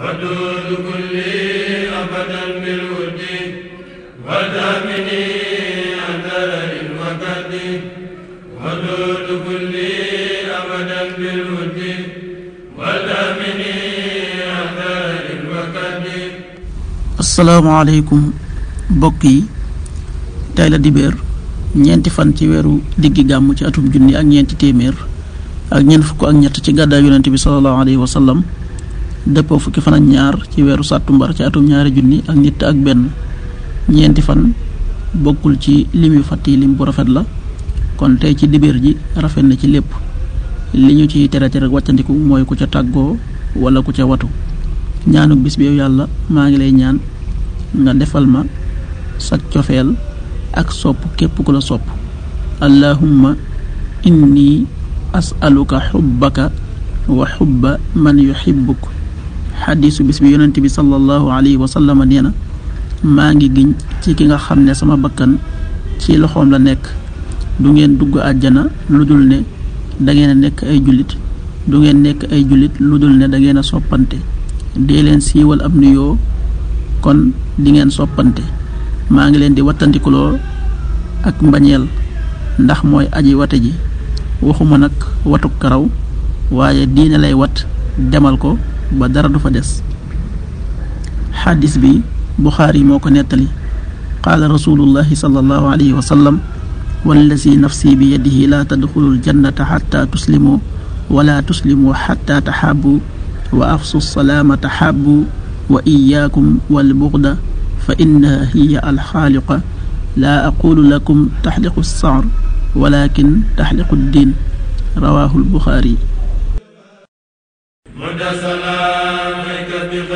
ودود كلي أبدا بالود ودامني أثر الوقت ودود كلي أبدا بالود ودامني أثر الوقت السلام عليكم بقي تايلا ديبير ñeenti fan ci weeru diggi gàmm ci atum junni ak ñeenti téeméer ak ñeent fukk ak ñett ci gàddaay yonente bi sallallahu alayhi wa sallam dëppoo fukki fan ñaar ci weeru sàttumbar ci atum ñaari junni ak nit ak benn ñeenti fan bokkul ci lim yu fàtt lim bu rafet la kon tey ci dibéer ji rafet na ci lépp li ñu ciy tere tere wàccandiku mooy ku ca tàggoo wala ku ca watu ñaanuk bis bi yow yàlla maa ngi lay ñaan nga defal ma sag cofeel ak sopp képp ku la sopp allahumma inni as'aluka xubbaka wa xubba man yuxibbuk xaddiisu bis bi yonent bi sallallahu alayhi wa sallam nee na maa ngi giñ ci ki nga xam ne sama bakkan ci loxoom la nekk du ngeen dugg àjjana lu dul ne da ngeen a nekk ay jullit du ngeen nekk ay jullit lu dul ne da ngeen a soppante dee leen siiwal ab nuyoo kon di ngeen soppante maa ngi leen di wattandikuloo ak mbañeel ndax mooy aji wate ji waxuma nag watu karaw waaye diine lay wat demal ko ba dara du fa des xaddis bi buxaari moo ko nettali qaala rasulullahi sallallahu alayhi wa sallam wallazi nafsi bi yadihi laa tadxulu ljannata xatta tuslimu wala tuslimu xatta taxaabu wa afsu salaama taxaabu wa iyaakum walbuxda fa innaha hiya alxaaliqa laa aqulu lakum taxliqu saar walakin taxliqu diin rawaahu lbuxaari